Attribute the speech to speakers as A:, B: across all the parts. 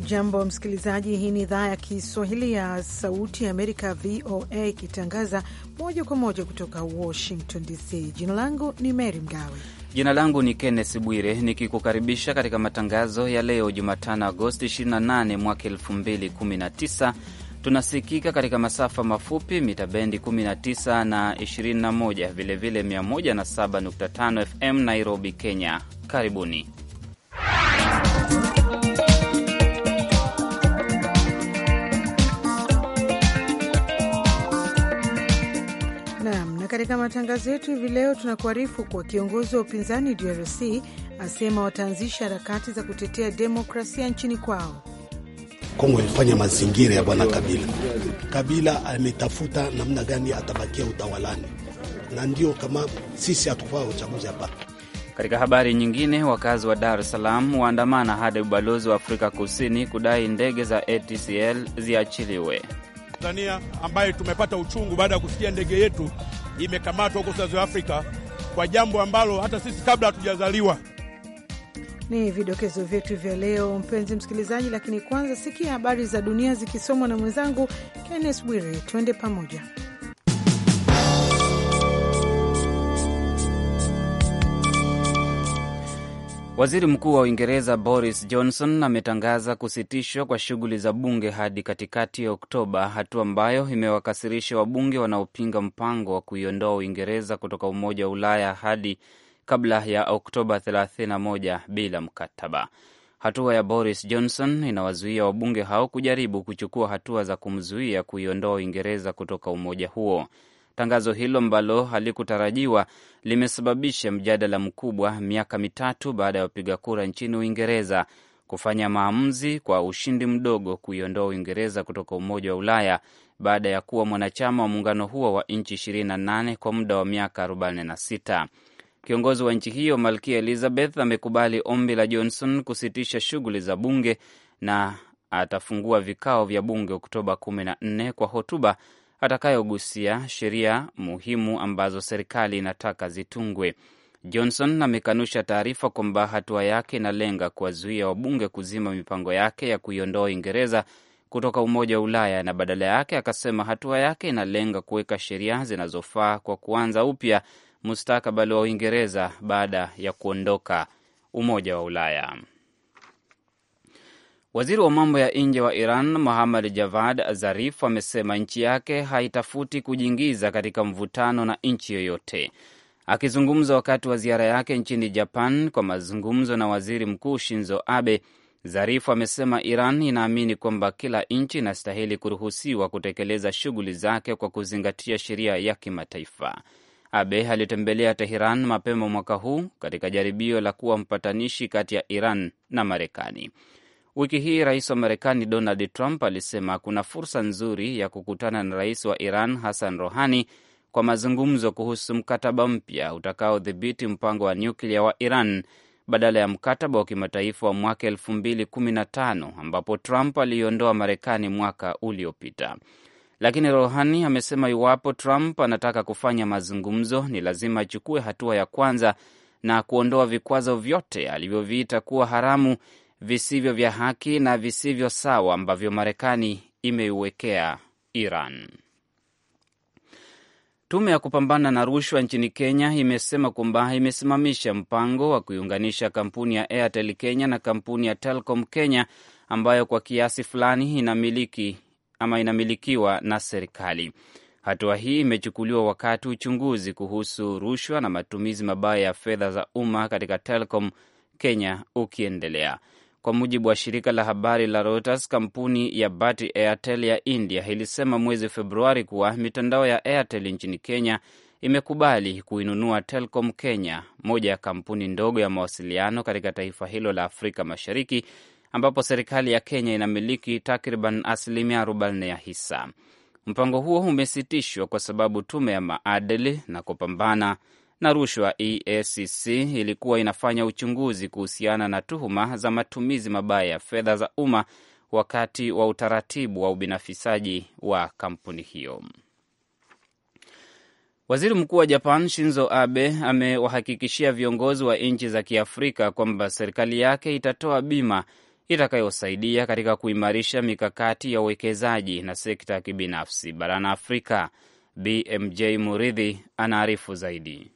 A: Hujambo msikilizaji, hii ni idhaa ya Kiswahili ya Sauti ya Amerika, VOA, ikitangaza moja kwa moja kutoka Washington DC. Jina langu ni Mary Mgawe.
B: Jina langu ni Kenneth Bwire, nikikukaribisha katika matangazo ya leo Jumatano, Agosti 28 mwaka 2019. Tunasikika katika masafa mafupi mita bendi 19 na 21, vilevile 107.5 FM Nairobi, Kenya. Karibuni
A: katika matangazo yetu hivi leo tunakuarifu kuwa kiongozi wa upinzani DRC asema wataanzisha harakati za kutetea demokrasia nchini kwao.
C: Kongo ilifanya mazingira ya bwana Kabila. Kabila ametafuta namna gani atabakia utawalani, na ndio kama sisi hatukufaa uchaguzi hapa.
B: Katika habari nyingine, wakazi wa Dar es Salaam waandamana hadi ubalozi wa Afrika Kusini kudai ndege za ATCL ziachiliwe.
C: Tanzania ambaye tumepata uchungu baada ya kusikia ndege yetu imekamatwa huko South Africa kwa jambo ambalo hata sisi kabla hatujazaliwa.
A: Ni vidokezo vyetu vya leo, mpenzi msikilizaji, lakini kwanza sikia habari za dunia zikisomwa na mwenzangu Kenneth Bwire. Tuende pamoja.
B: Waziri Mkuu wa Uingereza Boris Johnson ametangaza kusitishwa kwa shughuli za bunge hadi katikati ya Oktoba, hatua ambayo imewakasirisha wabunge wanaopinga mpango wa kuiondoa Uingereza kutoka Umoja wa Ulaya hadi kabla ya Oktoba 31 bila mkataba. Hatua ya Boris Johnson inawazuia wabunge hao kujaribu kuchukua hatua za kumzuia kuiondoa Uingereza kutoka umoja huo. Tangazo hilo ambalo halikutarajiwa limesababisha mjadala mkubwa miaka mitatu baada ya wapiga kura nchini Uingereza kufanya maamuzi kwa ushindi mdogo kuiondoa Uingereza kutoka Umoja wa Ulaya baada ya kuwa mwanachama wa muungano huo wa nchi 28 kwa muda wa miaka 46. Kiongozi wa nchi hiyo Malkia Elizabeth amekubali ombi la Johnson kusitisha shughuli za bunge na atafungua vikao vya bunge Oktoba 14 kwa hotuba atakayogusia sheria muhimu ambazo serikali inataka zitungwe. Johnson amekanusha taarifa kwamba hatua yake inalenga kuwazuia wabunge kuzima mipango yake ya kuiondoa Uingereza kutoka Umoja wa Ulaya, na badala yake akasema hatua yake inalenga kuweka sheria zinazofaa kwa kuanza upya mustakabali wa Uingereza baada ya kuondoka Umoja wa Ulaya. Waziri wa mambo ya nje wa Iran Mohammad Javad Zarif amesema nchi yake haitafuti kujiingiza katika mvutano na nchi yoyote. Akizungumza wakati wa ziara yake nchini Japan kwa mazungumzo na waziri mkuu Shinzo Abe, zarif amesema Iran inaamini kwamba kila nchi inastahili kuruhusiwa kutekeleza shughuli zake kwa kuzingatia sheria ya kimataifa. Abe alitembelea Teheran mapema mwaka huu katika jaribio la kuwa mpatanishi kati ya Iran na Marekani. Wiki hii rais wa Marekani Donald Trump alisema kuna fursa nzuri ya kukutana na rais wa Iran Hassan Rohani kwa mazungumzo kuhusu mkataba mpya utakaodhibiti mpango wa nyuklia wa Iran badala ya mkataba wa kimataifa wa mwaka elfu ambapo Trump aliiondoa Marekani mwaka uliopita. Lakini Rohani amesema iwapo Trump anataka kufanya mazungumzo ni lazima achukue hatua ya kwanza na kuondoa vikwazo vyote alivyoviita kuwa haramu visivyo vya haki na visivyo sawa ambavyo Marekani imeiwekea Iran. Tume ya kupambana na rushwa nchini Kenya imesema kwamba imesimamisha mpango wa kuiunganisha kampuni ya Airtel Kenya na kampuni ya Telcom Kenya ambayo kwa kiasi fulani inamiliki ama inamilikiwa na serikali. Hatua hii imechukuliwa wakati uchunguzi kuhusu rushwa na matumizi mabaya ya fedha za umma katika Telcom Kenya ukiendelea. Kwa mujibu wa shirika la habari la Reuters, kampuni ya Bharti Airtel ya India ilisema mwezi Februari kuwa mitandao ya Airtel nchini Kenya imekubali kuinunua Telkom Kenya, moja ya kampuni ndogo ya mawasiliano katika taifa hilo la Afrika Mashariki, ambapo serikali ya Kenya inamiliki takriban asilimia 40 ya hisa. Mpango huo umesitishwa kwa sababu tume ya maadili na kupambana na rushwa EACC ilikuwa inafanya uchunguzi kuhusiana na tuhuma za matumizi mabaya ya fedha za umma wakati wa utaratibu wa ubinafisaji wa kampuni hiyo. Waziri Mkuu wa Japan Shinzo Abe amewahakikishia viongozi wa nchi za Kiafrika kwamba serikali yake itatoa bima itakayosaidia katika kuimarisha mikakati ya uwekezaji na sekta ya kibinafsi barani Afrika. BMJ Muridhi anaarifu zaidi.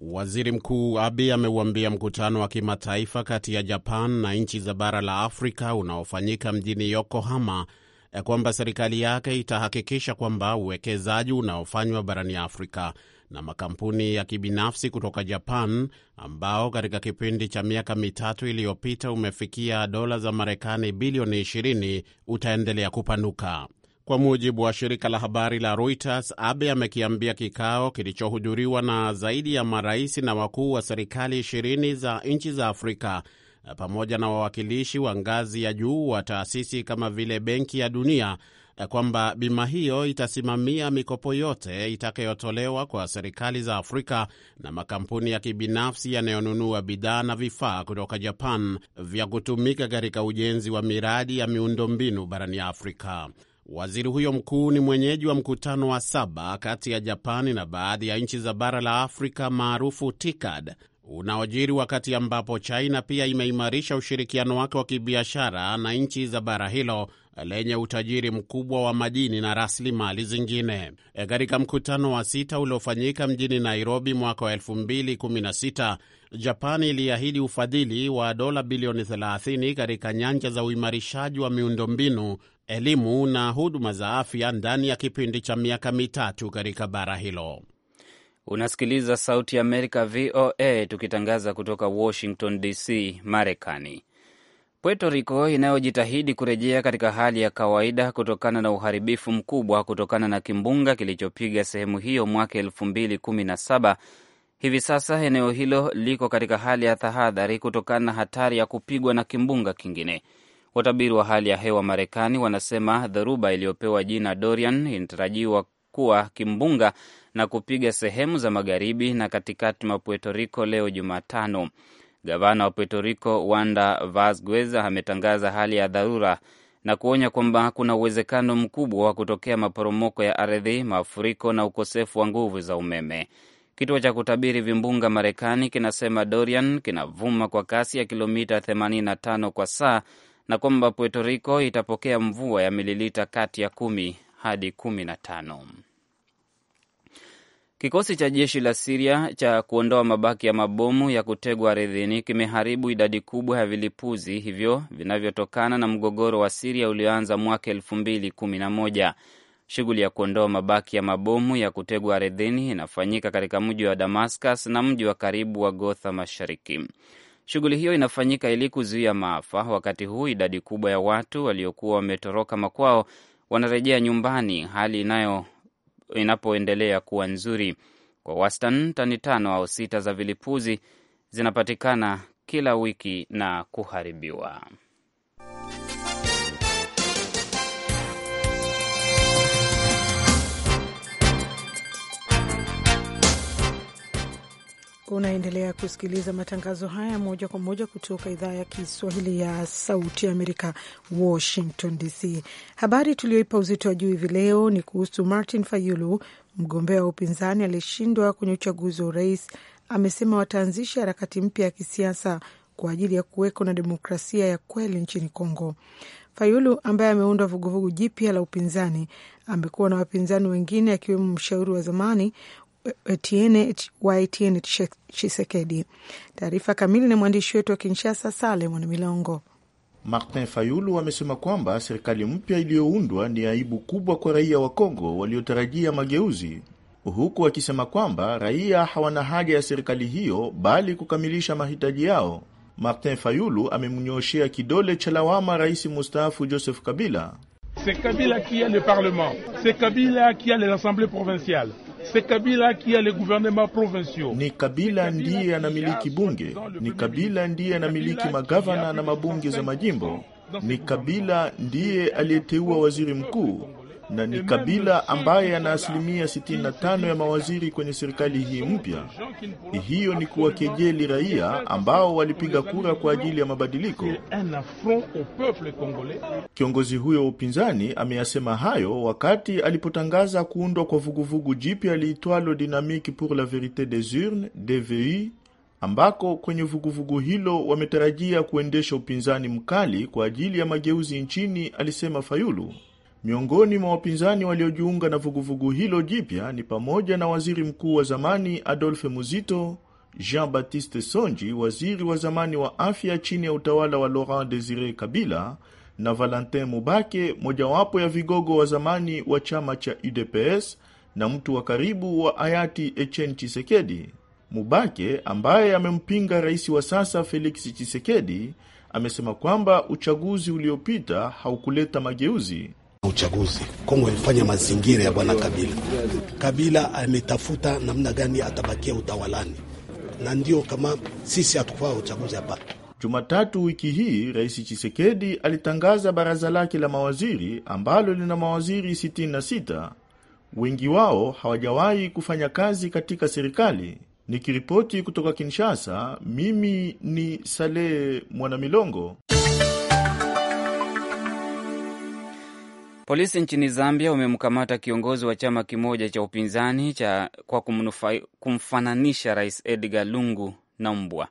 D: Waziri Mkuu abi ameuambia mkutano wa kimataifa kati ya Japan na nchi za bara la Afrika unaofanyika mjini Yokohama eh, kwamba serikali yake itahakikisha kwamba uwekezaji unaofanywa barani Afrika na makampuni ya kibinafsi kutoka Japan ambao katika kipindi cha miaka mitatu iliyopita umefikia dola za Marekani bilioni 20 utaendelea kupanuka. Kwa mujibu wa shirika la habari la Reuters, Abe amekiambia kikao kilichohudhuriwa na zaidi ya marais na wakuu wa serikali ishirini za nchi za Afrika pamoja na wawakilishi wa ngazi ya juu wa taasisi kama vile Benki ya Dunia kwamba bima hiyo itasimamia mikopo yote itakayotolewa kwa serikali za Afrika na makampuni ya kibinafsi yanayonunua bidhaa na vifaa kutoka Japan vya kutumika katika ujenzi wa miradi ya miundombinu barani Afrika. Waziri huyo mkuu ni mwenyeji wa mkutano wa saba kati ya Japani na baadhi ya nchi za bara la Afrika maarufu TICAD unaojiri wakati ambapo China pia imeimarisha ushirikiano wake wa kibiashara na nchi za bara hilo lenye utajiri mkubwa wa madini na rasilimali zingine. E, katika mkutano wa sita uliofanyika mjini Nairobi mwaka wa 2016, Japani iliahidi ufadhili wa dola bilioni 30 katika nyanja za uimarishaji wa miundombinu elimu na huduma za afya ndani ya kipindi cha miaka mitatu katika bara hilo.
B: Unasikiliza
D: Sauti ya Amerika,
B: VOA, tukitangaza kutoka Washington DC, Marekani. Puerto Rico inayojitahidi kurejea katika hali ya kawaida kutokana na uharibifu mkubwa kutokana na kimbunga kilichopiga sehemu hiyo mwaka 217 hivi sasa eneo hilo liko katika hali ya tahadhari kutokana na hatari ya kupigwa na kimbunga kingine. Watabiri wa hali ya hewa Marekani wanasema dhoruba iliyopewa jina Dorian inatarajiwa kuwa kimbunga na kupiga sehemu za magharibi na katikati mwa Puerto Rico leo Jumatano. Gavana wa Puerto Rico Wanda Vazquez ametangaza hali ya dharura na kuonya kwamba kuna uwezekano mkubwa wa kutokea maporomoko ya ardhi, mafuriko na ukosefu wa nguvu za umeme. Kituo cha kutabiri vimbunga Marekani kinasema Dorian kinavuma kwa kasi ya kilomita 85 kwa saa na kwamba Puerto Rico itapokea mvua ya mililita kati ya kumi hadi kumi na tano. Kikosi cha jeshi la Siria cha kuondoa mabaki ya mabomu ya kutegwa ardhini kimeharibu idadi kubwa ya vilipuzi hivyo vinavyotokana na mgogoro wa Siria ulioanza mwaka elfu mbili kumi na moja. Shughuli ya kuondoa mabaki ya mabomu ya kutegwa ardhini inafanyika katika mji wa Damascus na mji wa karibu wa Gotha Mashariki. Shughuli hiyo inafanyika ili kuzuia maafa, wakati huu idadi kubwa ya watu waliokuwa wametoroka makwao wanarejea nyumbani, hali inayo inapoendelea kuwa nzuri. Kwa wastani tani tano au sita za vilipuzi zinapatikana kila wiki na kuharibiwa.
A: Unaendelea kusikiliza matangazo haya moja kwa moja kutoka idhaa ya Kiswahili ya Sauti ya Amerika, Washington DC. Habari tuliyoipa uzito wa juu hivi leo ni kuhusu Martin Fayulu, mgombea wa upinzani aliyeshindwa kwenye uchaguzi wa urais. Amesema wataanzisha harakati mpya ya kisiasa kwa ajili ya kuweko na demokrasia ya kweli nchini Kongo. Fayulu ambaye ameunda vuguvugu jipya la upinzani amekuwa na wapinzani wengine akiwemo mshauri wa zamani Etienne wa Etienne Tshisekedi. Taarifa kamili na mwandishi wetu wa Kinshasa, Sale Mwanamilongo.
C: Martin Fayulu amesema kwamba serikali mpya iliyoundwa ni aibu kubwa kwa raia wa Kongo waliotarajia mageuzi, huku akisema kwamba raia hawana haja ya serikali hiyo bali kukamilisha mahitaji yao. Martin Fayulu amemnyoshea kidole cha lawama rais mustaafu Joseph Kabila. C'est Kabila qui a le parlement, c'est Kabila qui a les assemblées ni Kabila ndiye anamiliki bunge, ni Kabila ndiye anamiliki magavana na mabunge za majimbo, ni Kabila ndiye aliyeteua waziri mkuu na ni Kabila ambaye ana asilimia 65 ya mawaziri kwenye serikali hii mpya. Hiyo ni kuwakejeli raia ambao walipiga kura kwa ajili ya mabadiliko. Kiongozi huyo wa upinzani ameyasema hayo wakati alipotangaza kuundwa kwa vuguvugu jipya liitwalo Dynamique pour la Verite des Urnes DVU ambako kwenye vuguvugu hilo wametarajia kuendesha upinzani mkali kwa ajili ya mageuzi nchini, alisema Fayulu. Miongoni mwa wapinzani waliojiunga na vuguvugu hilo jipya ni pamoja na waziri mkuu wa zamani Adolphe Muzito, Jean Baptiste Sonji, waziri wa zamani wa afya chini ya utawala wa Laurent Desire Kabila, na Valentin Mubake, mojawapo ya vigogo wa zamani wa chama cha UDPS na mtu wa karibu wa hayati Etienne chisekedi Mubake ambaye amempinga rais wa sasa feliksi chisekedi amesema kwamba uchaguzi uliopita haukuleta mageuzi uchaguzi. Kongo ilifanya mazingira ya bwana Kabila. Kabila ametafuta namna gani atabakia utawalani, na ndio kama sisi hatukufaa uchaguzi hapa. Jumatatu wiki hii Rais Chisekedi alitangaza baraza lake la mawaziri ambalo lina mawaziri 66. Wengi wao hawajawahi kufanya kazi katika serikali. Nikiripoti kutoka Kinshasa, mimi ni Saleh Mwanamilongo.
B: Polisi nchini Zambia wamemkamata kiongozi wa chama kimoja cha upinzani cha kwa kumfananisha Rais Edgar Lungu na mbwa.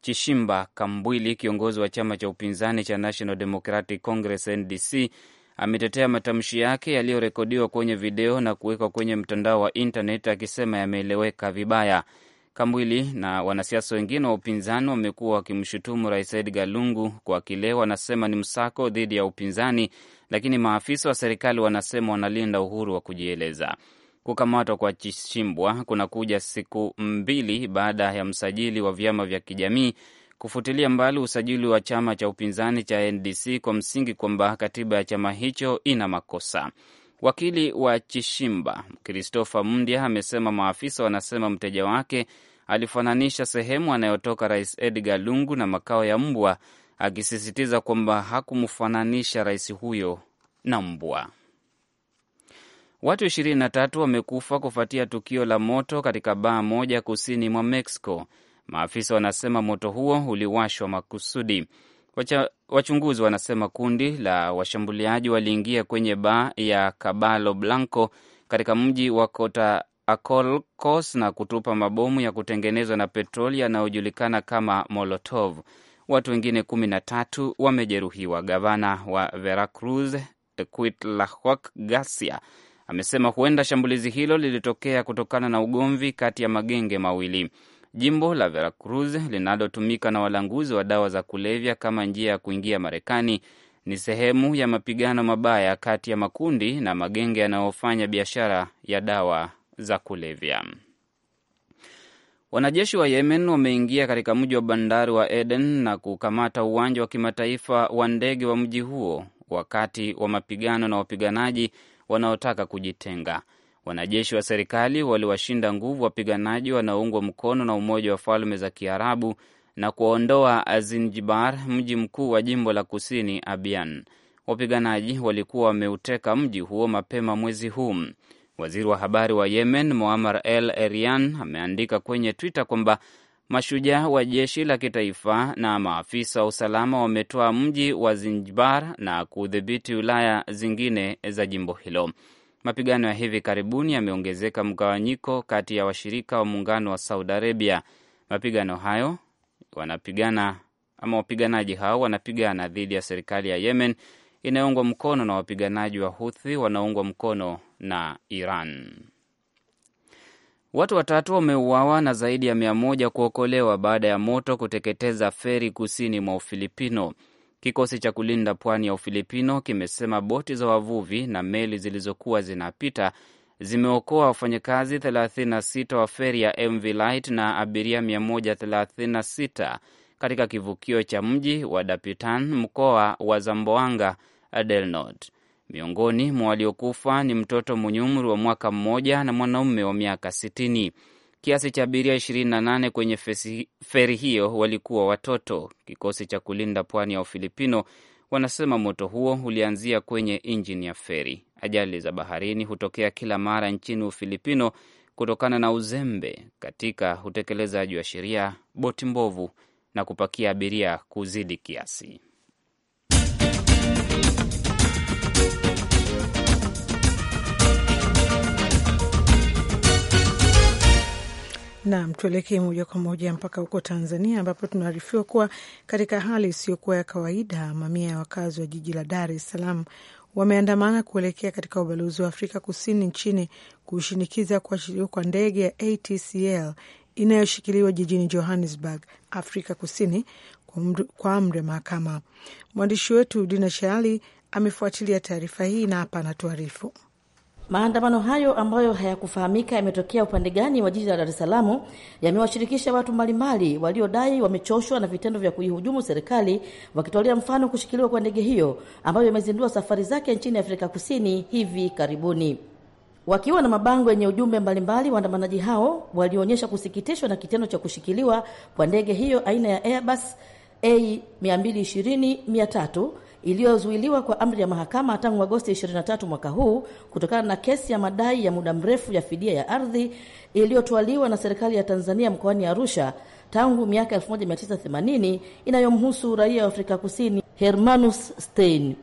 B: Chishimba Kambwili, kiongozi wa chama cha upinzani cha National Democratic Congress NDC, ametetea matamshi yake yaliyorekodiwa kwenye video na kuwekwa kwenye mtandao wa intanet akisema yameeleweka vibaya. Kambwili na wanasiasa wengine wa upinzani wamekuwa wakimshutumu Rais Edgar Lungu kwa kile wanasema ni msako dhidi ya upinzani lakini maafisa wa serikali wanasema wanalinda uhuru wa kujieleza. Kukamatwa kwa Chishimbwa kunakuja siku mbili baada ya msajili wa vyama vya kijamii kufutilia mbali usajili wa chama cha upinzani cha NDC kwa msingi kwamba katiba ya chama hicho ina makosa. Wakili wa Chishimba Christopher Mndya amesema maafisa wanasema mteja wake alifananisha sehemu anayotoka Rais Edgar Lungu na makao ya mbwa akisisitiza kwamba hakumfananisha rais huyo na mbwa. Watu tatu wamekufa kufuatia tukio la moto katika baa moja kusini mwa Mexico. Maafisa wanasema moto huo uliwashwa makusudi. Wacha, wachunguzi wanasema kundi la washambuliaji waliingia kwenye baa ya Caballo Blanco katika mji wa Cota Acolcos na kutupa mabomu ya kutengenezwa na petroli yanayojulikana kama Molotov watu wengine kumi na tatu wamejeruhiwa. Gavana wa Veracruz Cuitlahuac Garcia amesema huenda shambulizi hilo lilitokea kutokana na ugomvi kati ya magenge mawili. Jimbo la Veracruz linalotumika na walanguzi wa dawa za kulevya kama njia ya kuingia Marekani ni sehemu ya mapigano mabaya kati ya makundi na magenge yanayofanya biashara ya dawa za kulevya. Wanajeshi wa Yemen wameingia katika mji wa bandari wa Aden na kukamata uwanja wa kimataifa wa ndege wa mji huo wakati wa mapigano na wapiganaji wanaotaka kujitenga. Wanajeshi wa serikali waliwashinda nguvu wapiganaji wanaoungwa mkono na Umoja wa Falme za Kiarabu na kuwaondoa Azinjibar, mji mkuu wa jimbo la kusini Abian. Wapiganaji walikuwa wameuteka mji huo mapema mwezi huu. Waziri wa habari wa Yemen Muammar El Erian ameandika kwenye Twitter kwamba mashujaa wa jeshi la kitaifa na maafisa wa usalama wametoa mji wa Zinjbar na kudhibiti wilaya zingine za jimbo hilo. Mapigano ya hivi karibuni yameongezeka mgawanyiko kati ya washirika wa muungano wa Saudi Arabia. Mapigano hayo wanapigana ama wapiganaji hao wanapigana dhidi ya serikali ya Yemen inayoungwa mkono na wapiganaji wa Huthi wanaoungwa mkono na Iran. Watu watatu wameuawa na zaidi ya mia moja kuokolewa baada ya moto kuteketeza feri kusini mwa Ufilipino. Kikosi cha kulinda pwani ya Ufilipino kimesema boti za wavuvi na meli zilizokuwa zinapita zimeokoa wafanyakazi 36 wa feri ya MV Light na abiria 136 katika kivukio cha mji wa Dapitan, mkoa wa Zamboanga del Norte. Miongoni mwa waliokufa ni mtoto mwenye umri wa mwaka mmoja na mwanaume wa miaka sitini. Kiasi cha abiria 28 kwenye feri hiyo walikuwa watoto. Kikosi cha kulinda pwani ya Ufilipino wanasema moto huo ulianzia kwenye injini ya feri. Ajali za baharini hutokea kila mara nchini Ufilipino kutokana na uzembe katika utekelezaji wa sheria, boti mbovu na kupakia abiria kuzidi kiasi.
A: Nam, tuelekee moja kwa moja mpaka huko Tanzania, ambapo tunaarifiwa kuwa katika hali isiyokuwa ya kawaida, mamia ya wakazi wa jiji la Dar es Salaam wameandamana kuelekea katika ubalozi wa Afrika Kusini nchini kushinikiza kuachiliwa kwa ndege ya ATCL inayoshikiliwa jijini Johannesburg, Afrika Kusini, kwa amri ya mahakama. Mwandishi wetu Dina shaali amefuatilia taarifa hii na hapa anatuarifu.
E: Maandamano hayo ambayo hayakufahamika yametokea upande gani wa jiji la Dar es Salaam yamewashirikisha watu mbalimbali waliodai wamechoshwa na vitendo vya kuihujumu serikali, wakitolea mfano kushikiliwa kwa ndege hiyo ambayo imezindua safari zake nchini Afrika Kusini hivi karibuni. Wakiwa na mabango yenye ujumbe mbalimbali, waandamanaji hao walionyesha kusikitishwa na kitendo cha kushikiliwa kwa ndege hiyo aina ya Airbus A220 300 iliyozuiliwa kwa amri ya mahakama tangu Agosti 23 mwaka huu kutokana na kesi ya madai ya muda mrefu ya fidia ya ardhi iliyotwaliwa na serikali ya Tanzania mkoani Arusha tangu miaka 1980 inayomhusu raia wa Afrika Kusini Hermanus Stein.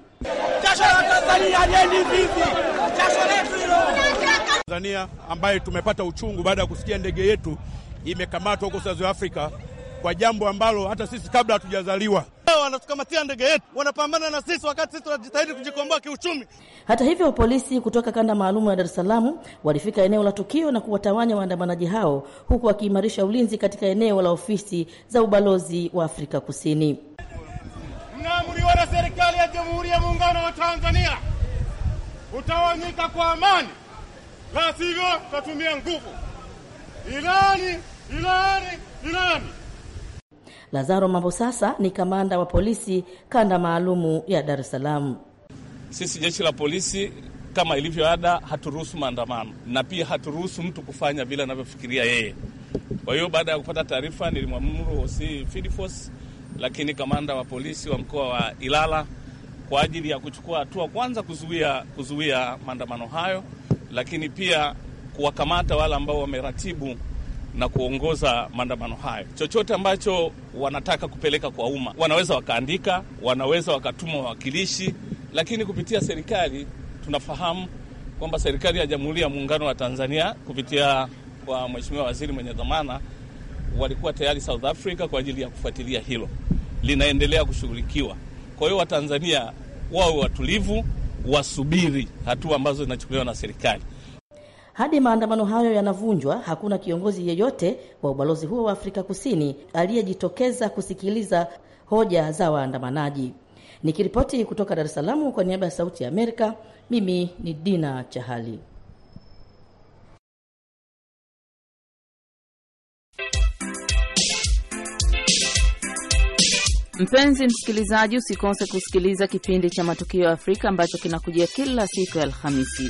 C: Tanzania ambaye tumepata uchungu baada ya kusikia ndege yetu imekamatwa huko South Africa kwa jambo ambalo hata sisi kabla hatujazaliwa wanatukamatia ndege yetu,
E: wanapambana na sisi wakati sisi tunajitahidi kujikomboa kiuchumi. Hata hivyo, polisi kutoka kanda maalum ya Dar es Salaam walifika eneo la tukio na kuwatawanya waandamanaji hao, huku wakiimarisha ulinzi katika eneo la ofisi za ubalozi wa Afrika Kusini.
C: Mnaamriwa na serikali ya Jamhuri ya Muungano wa Tanzania kutawanyika kwa amani, la sivyo tutatumia nguvu. Ilani, ilani,
E: ilani Lazaro Mambo sasa ni kamanda wa polisi kanda maalumu ya Dar es Salaam.
C: Sisi jeshi la polisi kama ilivyo ada, haturuhusu maandamano na pia haturuhusu mtu kufanya vile anavyofikiria yeye. Kwa hiyo baada ya kupata taarifa, nilimwamuru OC Field Force, lakini kamanda wa polisi wa mkoa wa Ilala kwa ajili ya kuchukua hatua, kwanza kuzuia kuzuia maandamano hayo, lakini pia kuwakamata wale ambao wameratibu na kuongoza maandamano hayo. Chochote ambacho wanataka kupeleka kwa umma, wanaweza wakaandika, wanaweza wakatuma wawakilishi, lakini kupitia serikali tunafahamu kwamba serikali ya Jamhuri ya Muungano wa Tanzania kupitia kwa Mheshimiwa Waziri mwenye dhamana walikuwa tayari South Africa kwa ajili ya kufuatilia hilo, linaendelea kushughulikiwa. Kwa hiyo Watanzania wawe watulivu, wasubiri hatua ambazo zinachukuliwa na serikali.
E: Hadi maandamano hayo yanavunjwa, hakuna kiongozi yeyote wa ubalozi huo wa Afrika Kusini aliyejitokeza kusikiliza hoja za waandamanaji. Nikiripoti kutoka Dar es Salaam kwa niaba ya Sauti ya Amerika, mimi ni Dina Chahali. Mpenzi msikilizaji, usikose kusikiliza kipindi cha Matukio ya Afrika ambacho kinakujia kila siku ya Alhamisi.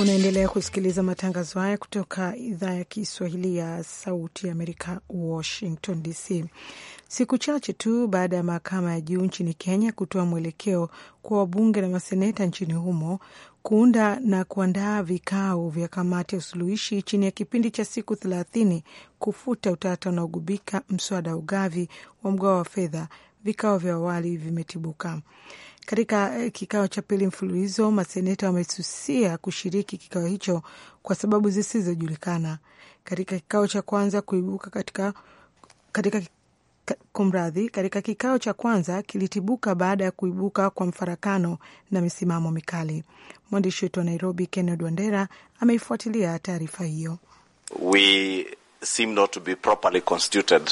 A: Unaendelea kusikiliza matangazo haya kutoka idhaa ya Kiswahili ya Sauti ya Amerika, Washington DC. Siku chache tu baada ya mahakama ya juu nchini Kenya kutoa mwelekeo kwa wabunge na maseneta nchini humo kuunda na kuandaa vikao vya kamati ya usuluhishi chini ya kipindi cha siku thelathini kufuta utata unaogubika mswada wa ugavi wa mgao wa fedha, vikao vya awali vimetibuka. Katika eh, kikao cha pili mfululizo, maseneta wamesusia kushiriki kikao hicho kwa sababu zisizojulikana. Katika kikao cha kwanza kuibuka katika, katika kumradhi, katika kikao cha kwanza kilitibuka baada ya kuibuka kwa mfarakano na misimamo mikali. Mwandishi wetu wa Nairobi, Kenneth Wandera, ameifuatilia taarifa hiyo.
D: We Seem not to be properly constituted.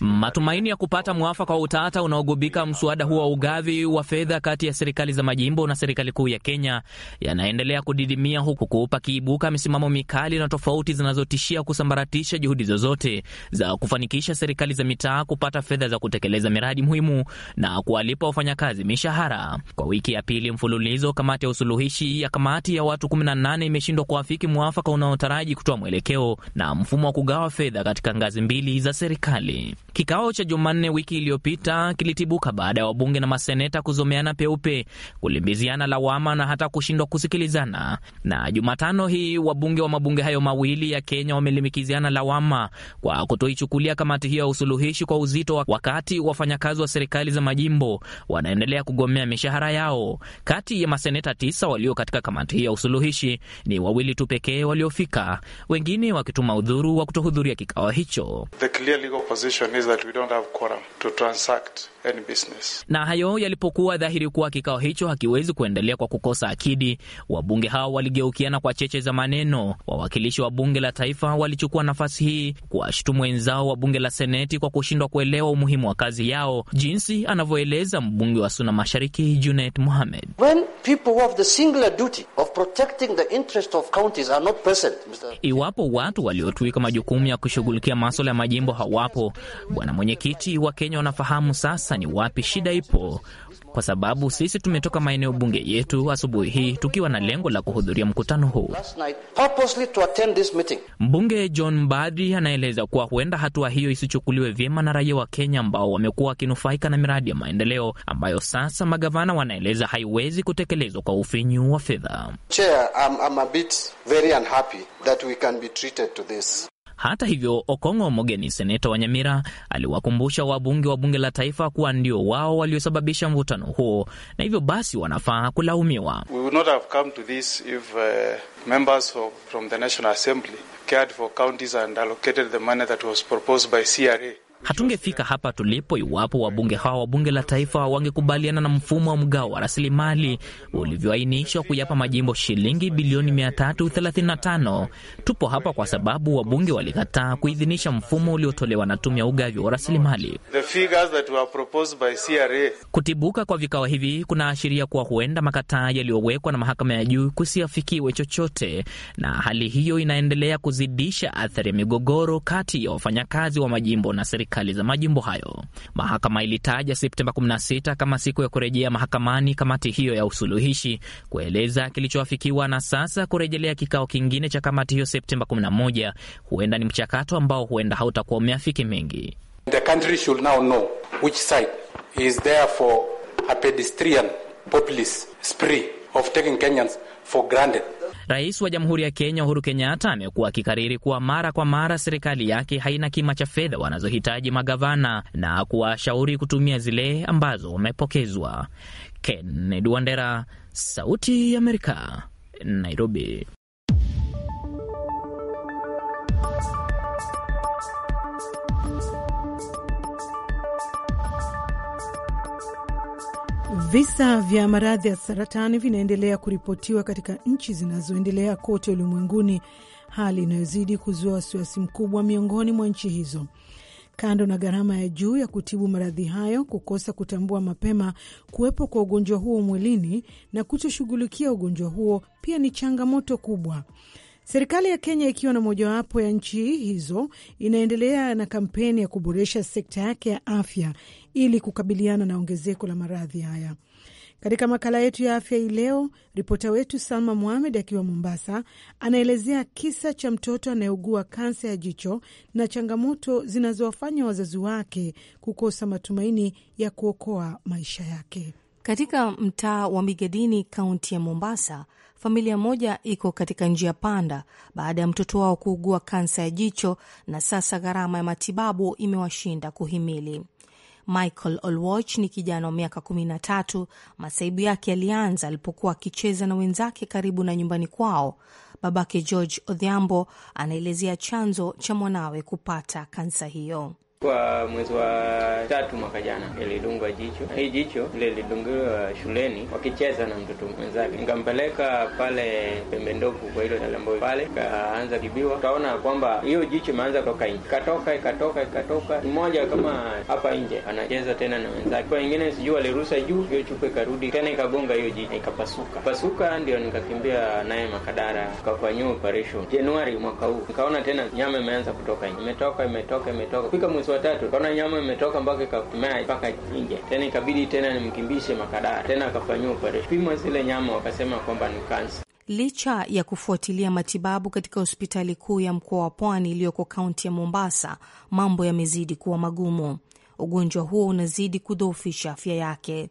F: Matumaini ya kupata mwafaka wa utata unaogubika mswada huo wa ugavi wa fedha kati ya serikali za majimbo na serikali kuu ya Kenya yanaendelea kudidimia huku kuupa kiibuka misimamo mikali na tofauti zinazotishia kusambaratisha juhudi zozote za kufanikisha serikali za mitaa kupata fedha za kutekeleza miradi muhimu na kuwalipa wafanyakazi mishahara. Kwa wiki ya pili mfululizo, kamati ya usuluhishi ya kamati ya watu 18 imeshindwa kuafiki mwafaka unaotaraji kutoa mwelekeo na mfumo wa kugawa fedha katika ngazi mbili za serikali. Kikao cha Jumanne wiki iliyopita kilitibuka baada ya wabunge na maseneta kuzomeana peupe, kulimbiziana lawama na hata kushindwa kusikilizana. Na Jumatano hii wabunge wa mabunge hayo mawili ya Kenya wamelimikiziana lawama kwa kutoichukulia kamati hiyo ya usuluhishi kwa uzito, wakati wafanyakazi wa serikali za majimbo wanaendelea kugomea mishahara yao. Kati ya maseneta tisa walio katika kamati hiyo ya usuluhishi ni wawili tu pekee waliofika, wengine wakituma kuhudhuru wa kutohudhuria kikao hicho. Na hayo yalipokuwa dhahiri kuwa kikao hicho hakiwezi kuendelea kwa kukosa akidi, wabunge hao waligeukiana kwa cheche za maneno. Wawakilishi wa bunge la taifa walichukua nafasi hii kuwashutumu wenzao wa bunge la seneti kwa kushindwa kuelewa umuhimu wa kazi yao, jinsi anavyoeleza mbunge wa Suna Mashariki Junet Mohamed. Iwapo watu walio watawatwika majukumu ya kushughulikia maswala ya majimbo hawapo. Bwana mwenyekiti, wa kenya wanafahamu sasa ni wapi shida ipo kwa sababu sisi tumetoka maeneo bunge yetu asubuhi hii tukiwa na lengo la kuhudhuria mkutano huu. Mbunge John Mbadi anaeleza kuwa huenda hatua hiyo isichukuliwe vyema na raia wa Kenya ambao wamekuwa wakinufaika na miradi ya maendeleo ambayo sasa magavana wanaeleza haiwezi kutekelezwa kwa ufinyu wa fedha. Hata hivyo, Okong'o Omogeni, seneta wa Nyamira, aliwakumbusha wabunge wa bunge la taifa kuwa ndio wao waliosababisha mvutano huo na hivyo basi wanafaa kulaumiwa. We Hatungefika hapa tulipo iwapo wabunge hawa wa bunge la taifa wangekubaliana na mfumo wa mgao wa rasilimali ulivyoainishwa kuyapa majimbo shilingi bilioni 335. Tupo hapa kwa sababu wabunge walikataa kuidhinisha mfumo uliotolewa na tume ya ugavi wa rasilimali. Kutibuka kwa vikao hivi kunaashiria kuwa huenda makataa yaliyowekwa na mahakama ya juu kusiafikiwe chochote, na hali hiyo inaendelea kuzidisha athari ya migogoro kati ya wafanyakazi wa majimbo na serikali serikali za majimbo hayo. Mahakama ilitaja Septemba 16 kama siku ya kurejea mahakamani kamati hiyo ya usuluhishi kueleza kilichoafikiwa, na sasa kurejelea kikao kingine cha kamati hiyo Septemba 11 huenda ni mchakato ambao huenda hautakuwa umeafiki mengi.
D: The country should now know which side is there for a pedestrian populist spree of taking Kenyans
F: for granted. Rais wa Jamhuri ya Kenya Uhuru Kenyatta amekuwa akikariri kuwa mara kwa mara serikali yake haina kima cha fedha wanazohitaji magavana na kuwashauri kutumia zile ambazo wamepokezwa. Kennedy Wandera, Sauti ya Amerika, Nairobi.
A: Visa vya maradhi ya saratani vinaendelea kuripotiwa katika nchi zinazoendelea kote ulimwenguni, hali inayozidi kuzua wasiwasi mkubwa miongoni mwa nchi hizo. Kando na gharama ya juu ya kutibu maradhi hayo, kukosa kutambua mapema kuwepo kwa ugonjwa huo mwilini na kutoshughulikia ugonjwa huo pia ni changamoto kubwa. Serikali ya Kenya ikiwa na mojawapo ya nchi hizo inaendelea na kampeni ya kuboresha sekta yake ya afya ili kukabiliana na ongezeko la maradhi haya. Katika makala yetu ya afya hii leo, ripota wetu Salma Muhamed akiwa Mombasa anaelezea kisa cha mtoto anayeugua kansa ya jicho na changamoto zinazowafanya wazazi wake kukosa matumaini ya kuokoa maisha yake.
G: Katika mtaa wa Migadini, kaunti ya Mombasa, familia moja iko katika njia panda baada ya mtoto wao kuugua kansa ya jicho na sasa gharama ya matibabu imewashinda kuhimili. Michael Olwach ni kijana wa miaka kumi na tatu. Masaibu yake yalianza alipokuwa akicheza na wenzake karibu na nyumbani kwao. Babake George Odhiambo anaelezea chanzo cha mwanawe kupata kansa hiyo.
H: Kwa mwezi wa tatu mwaka jana ilidungwa jicho. Hii jicho ile ilidungiwa shuleni wakicheza na mtoto mwenzake, nikampeleka pale pembe ndogo kwa hilo ambayo pale kaanza kibiwa, kaona kwamba hiyo jicho imeanza kutoka nje, ikatoka ikatoka ikatoka, mmoja kama hapa nje anacheza tena na wenzake, kwa wengine sijui walirusa juu, hiyo chupa ikarudi tena ikagonga hiyo jicho ikapasuka pasuka, ndio nikakimbia naye Makadara kafanyia operation Januari mwaka huu, nikaona tena nyama imeanza kutoka nje, imetoka imetoka imetoka fika mwezi wa tatu kaona nyama imetoka mpaka ikatumai mpaka nje tena, ikabidi tena nimkimbishe Makadara tena akafanyiwa operesheni. pima zile nyama wakasema kwamba ni kansa.
G: Licha ya kufuatilia matibabu katika hospitali kuu ya mkoa wa Pwani iliyoko kaunti ya Mombasa, mambo yamezidi kuwa magumu. Ugonjwa huo unazidi kudhoofisha afya yake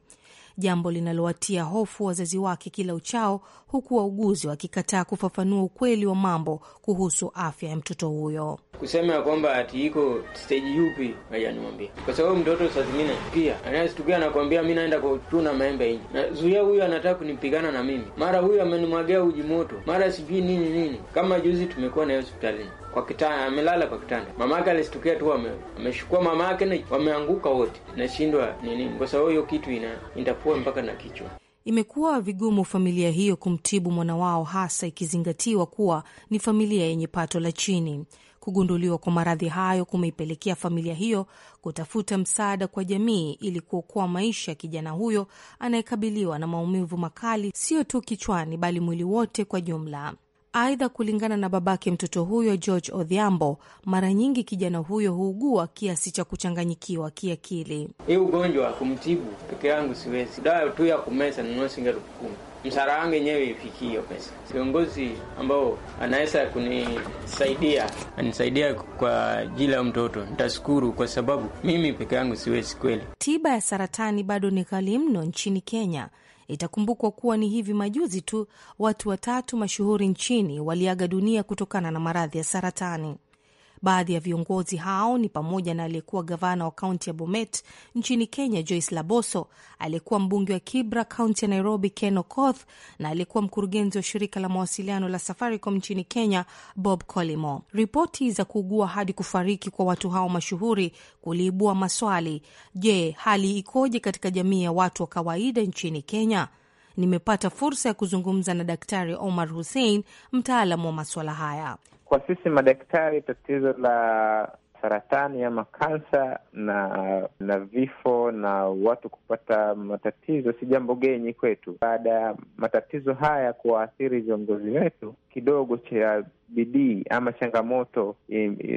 G: jambo linalowatia hofu wazazi wake kila uchao, huku wauguzi wakikataa kufafanua ukweli wa mambo kuhusu afya ya mtoto huyo.
H: Kusema ya kwamba ati iko steji yupi hajaniambia, kwa sababu mtoto saa zingine pia anayestukia anakuambia mi naenda kutuna maembe nje, nazuia huyu anataka kunipigana na mimi, mara huyu amenimwagia uji moto, mara sijui nini nini. Kama juzi tumekuwa naye hospitalini kwa kitanda, amelala kwa kitanda. Mamake alistukia tu ameshukua mamake na wameanguka wote, nashindwa nini, kwa sababu hiyo kitu ina mpaka na kichwa.
G: Imekuwa vigumu familia hiyo kumtibu mwana wao, hasa ikizingatiwa kuwa ni familia yenye pato la chini. Kugunduliwa kwa maradhi hayo kumeipelekea familia hiyo kutafuta msaada kwa jamii ili kuokoa maisha ya kijana huyo anayekabiliwa na maumivu makali, sio tu kichwani, bali mwili wote kwa jumla. Aidha, kulingana na babake mtoto huyo George Odhiambo, mara nyingi kijana huyo huugua kiasi cha kuchanganyikiwa kiakili.
H: Hii ugonjwa kumtibu peke yangu siwezi, dawa tu ya kumeza ninunua elfu kumi msara wangu yenyewe ifikie hiyo pesa. Viongozi ambao anaweza kunisaidia anisaidia kwa ajili ya mtoto nitashukuru, kwa sababu mimi peke yangu siwezi kweli.
G: Tiba ya saratani bado ni ghali mno nchini Kenya, Itakumbukwa kuwa ni hivi majuzi tu watu watatu mashuhuri nchini waliaga dunia kutokana na maradhi ya saratani. Baadhi ya viongozi hao ni pamoja na aliyekuwa gavana wa kaunti ya Bomet nchini Kenya, Joyce Laboso, aliyekuwa mbunge wa Kibra kaunti ya Nairobi, Ken Okoth, na aliyekuwa mkurugenzi wa shirika la mawasiliano la Safaricom nchini Kenya, Bob Colimo. Ripoti za kuugua hadi kufariki kwa watu hao mashuhuri kuliibua maswali. Je, hali ikoje katika jamii ya watu wa kawaida nchini Kenya? Nimepata fursa ya kuzungumza na Daktari Omar Hussein, mtaalamu wa maswala haya.
H: Kwa sisi madaktari, tatizo la saratani ama kansa na na vifo na watu kupata matatizo si jambo genyi kwetu. Baada ya matatizo haya kuwaathiri viongozi wetu, kidogo cha bidii ama changamoto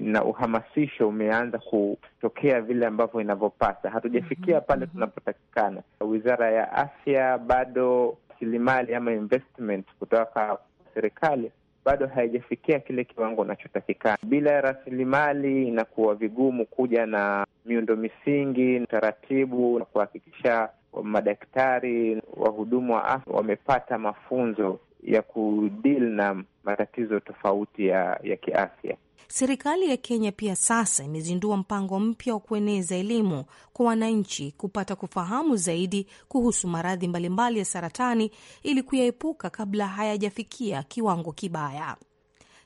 H: na uhamasisho umeanza kutokea vile ambavyo inavyopasa. Hatujafikia mm-hmm. pale mm-hmm. tunapotakikana. Wizara ya Afya bado rasilimali ama investment kutoka serikali bado haijafikia kile kiwango unachotakikana. Bila ya rasilimali inakuwa vigumu kuja na miundo misingi, taratibu na kuhakikisha madaktari, wahudumu wa afya wamepata mafunzo ya kudeal na matatizo tofauti ya, ya kiafya.
G: Serikali ya Kenya pia sasa imezindua mpango mpya wa kueneza elimu kwa wananchi kupata kufahamu zaidi kuhusu maradhi mbalimbali ya saratani ili kuyaepuka kabla hayajafikia kiwango kibaya.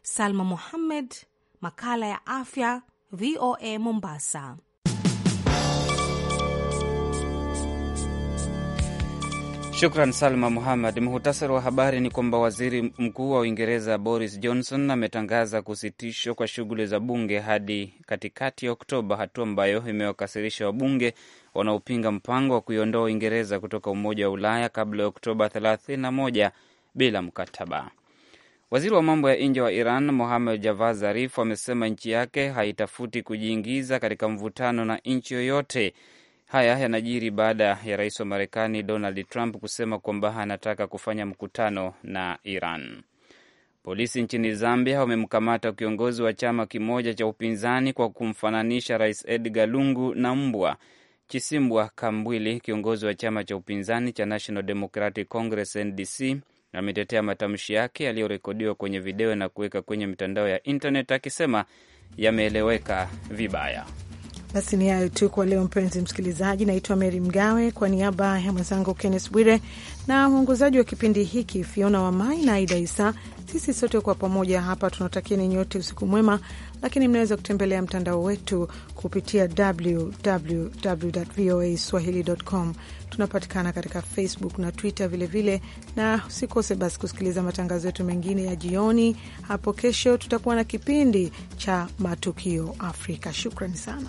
G: Salma Mohammed, makala ya afya, VOA Mombasa.
B: Shukran Salma Muhammad. mhutasari wa habari ni kwamba waziri mkuu wa Uingereza Boris Johnson ametangaza kusitishwa kwa shughuli za bunge hadi katikati ya Oktoba, hatua ambayo imewakasirisha wabunge wanaopinga mpango wa kuiondoa Uingereza kutoka Umoja wa Ulaya kabla ya Oktoba 31 bila mkataba. Waziri wa mambo ya nje wa Iran Mohamed Javad Zarif amesema nchi yake haitafuti kujiingiza katika mvutano na nchi yoyote Haya yanajiri baada ya rais wa Marekani Donald Trump kusema kwamba anataka kufanya mkutano na Iran. Polisi nchini Zambia wamemkamata kiongozi wa chama kimoja cha upinzani kwa kumfananisha Rais Edgar Lungu na mbwa. Chisimbwa Kambwili, kiongozi wa chama cha upinzani cha National Democratic Congress NDC, ametetea matamshi yake yaliyorekodiwa kwenye video na kuweka kwenye mitandao ya internet akisema yameeleweka vibaya.
A: Basi ni hayo tu kwa leo, mpenzi msikilizaji. Naitwa Meri Mgawe kwa niaba ya mwenzangu Kennes Bwire na mwongozaji wa kipindi hiki Fiona Wamai na Aida Isa. Sisi sote kwa pamoja hapa tunatakieni nyote usiku mwema, lakini mnaweza kutembelea mtandao wetu kupitia www.voaswahili.com. Tunapatikana katika Facebook na Twitter vilevile vile, na usikose basi kusikiliza matangazo yetu mengine ya jioni hapo kesho. Tutakuwa na kipindi cha Matukio Afrika. Shukrani sana.